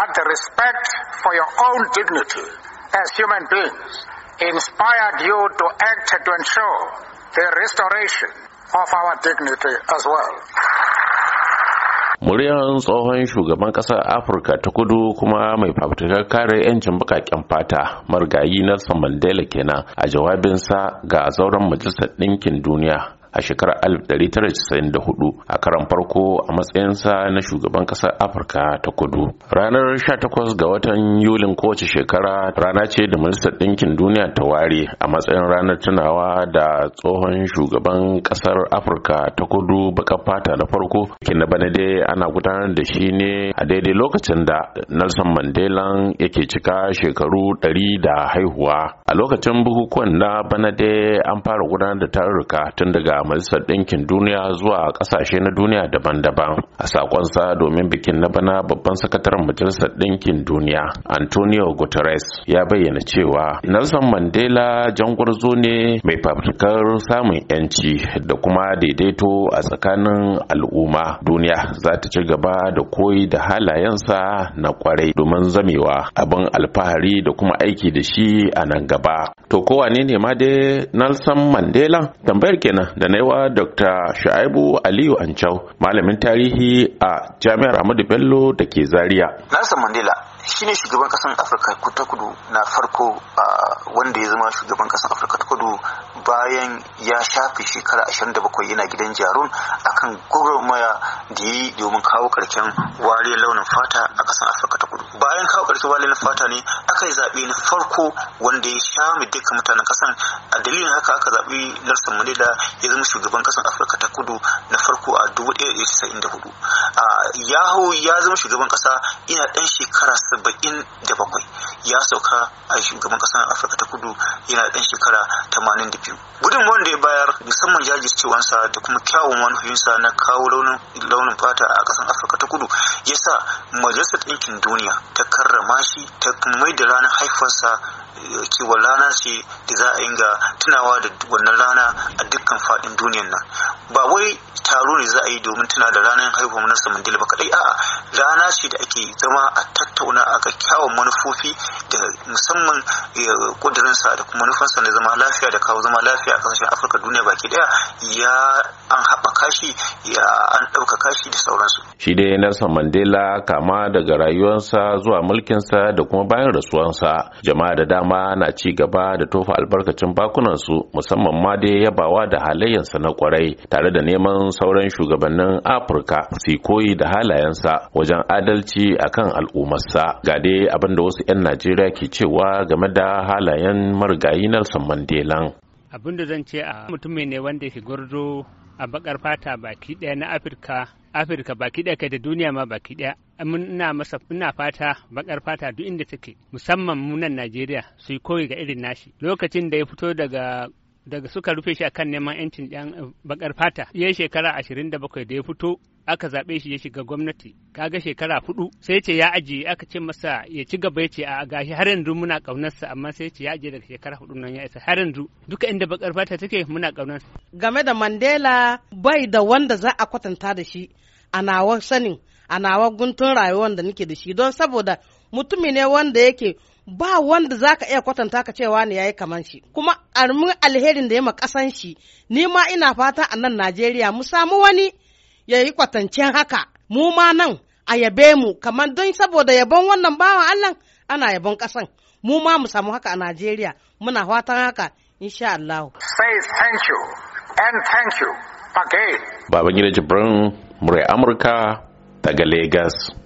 that the respect for your own dignity as human beings inspired you to act to ensure the restoration of our dignity as well. muryar tsohon shugaban ƙasar afirka ta kudu kuma mai fafutukar kare 'yancin bakaken fata marigayi nelson mandela kenan a jawabinsa ga zauren majalisar ɗinkin duniya a shekarar 1994 a karan farko a matsayinsa na shugaban ƙasar afirka ta kudu ranar 18 ga watan yulin kowace shekara rana ce da majalisar ɗinkin duniya ta ware a matsayin ranar tunawa da tsohon shugaban ƙasar afirka ta kudu baka fata na farko na bana dai ana gudanar da shi ne a daidai lokacin da nelson mandela yake cika shekaru 100 da haihuwa a lokacin bukukuwan na bana dai an fara gudanar da tarurruka tun daga majalisar ɗinkin duniya zuwa ƙasashe na duniya daban-daban a sakonsa domin bikin na bana babban sakataren majalisar ɗinkin duniya antonio guterres ya bayyana cewa nelson mandela jangwarzo ne mai fafutukar samun yanci da kuma daidaito a tsakanin al'umma duniya za ta ci gaba da koyi da halayensa na kwarai domin zamewa abin alfahari da kuma aiki da shi a nan gaba to ko wane ne ma dai Nelson Mandela tambayar kenan da naiwa Dr. Shu'aibu Aliyu Ancau malamin tarihi a Jami'ar Ahmadu Bello da ke Zaria Nelson Mandela shi ne shugaban kasan Afirka ta kudu na farko wanda ya zama shugaban kasan Afirka ta kudu bayan ya shafe shekara 27 yana gidan jarun akan gwagwarmaya da yi domin kawo karshen wariyar launin fata a kasan Afirka ta kudu bayan kawo karshen wariyar fata ne aka zaɓe na farko wanda ya shame dukkan mutanen ƙasan a dalilin haka aka zaɓi Nelson Mandela ya zama shugaban ƙasan Afirka ta kudu na farko a 1994 hau ya zama shugaban ƙasa ina ɗan shekara 77 da ya sauka a shugaban ƙasar Afirka ta kudu yana ɗan shekara tamanin da gudun wanda ya bayar musamman jajircewansa da kuma kyawun manufinsa na kawo launin fata a ƙasan Afirka ta kudu ya sa majalisar ɗinkin duniya ta karrama shi ta mai da لەوانە حیفۆسا Kiwa rana ce da za a inga tunawa da wannan rana a dukkan faɗin duniyan nan ba wai taro ne za a yi domin tuna da ranar haihuwar nasa Mandela ba kadai a'a rana ce da ake zama a tattauna a kakkyawan manufofi da musamman kudurinsa eh, da kuma manufansa na zama lafiya da kawo zama lafiya a kasashen Afirka duniya baki daya ya an haɓaka shi ya an ɗaukaka shi da sauransu. Shi dai Nelson Mandela kama daga rayuwarsa zuwa mulkinsa da kuma bayan rasuwarsa jama'a da dama na ci gaba da tofa albarkacin su musamman ma dai yabawa da halayensa na kwarai tare da neman sauran shugabannin afirka su koyi da halayensa wajen adalci akan al'ummarsa ga dai abin da wasu 'yan najeriya ke cewa game da halayen marigayi nelson mandela abin da zan ce a mutum ne wanda ke gwarzo a bakar fata baki ɗaya na afirka afirka baki ɗaya kai da duniya ma baki ɗaya ina masa ina fata bakar fata duk inda take musamman munan najeriya su yi koyi ga irin nashi lokacin da ya fito daga daga suka rufe shi akan neman yancin yan bakar fata ya shekara ashirin da bakwai da ya fito aka zaɓe shi ya shiga gwamnati kaga shekara hudu sai ce ya ajiye aka ce masa ya ci gaba ya ce a gashi har yanzu muna ƙaunarsa amma sai ce ya ajiye daga shekara hudu nan ya isa har yanzu duka inda bakar fata take muna ƙaunarsa. game da mandela bai da wanda za a kwatanta da shi a nawa sanin a nawa guntun rayuwar da nake da shi don saboda mutumi ne wanda yake ba wanda za ka iya kwatanta ka cewa ne ya yi kaman shi kuma armin alherin da ya ma kasan shi ni ma ina fata a nan najeriya mu samu wani ya yi kwatancen haka mu ma nan a yabe mu kamar don saboda yabon wannan bawan Allah ana yabon ƙasan mu ma mu samu haka a Najeriya muna fatan haka insha Allah. Say thank you and thank you again. Babangida Jibrin, Murai Amurka daga Lagos.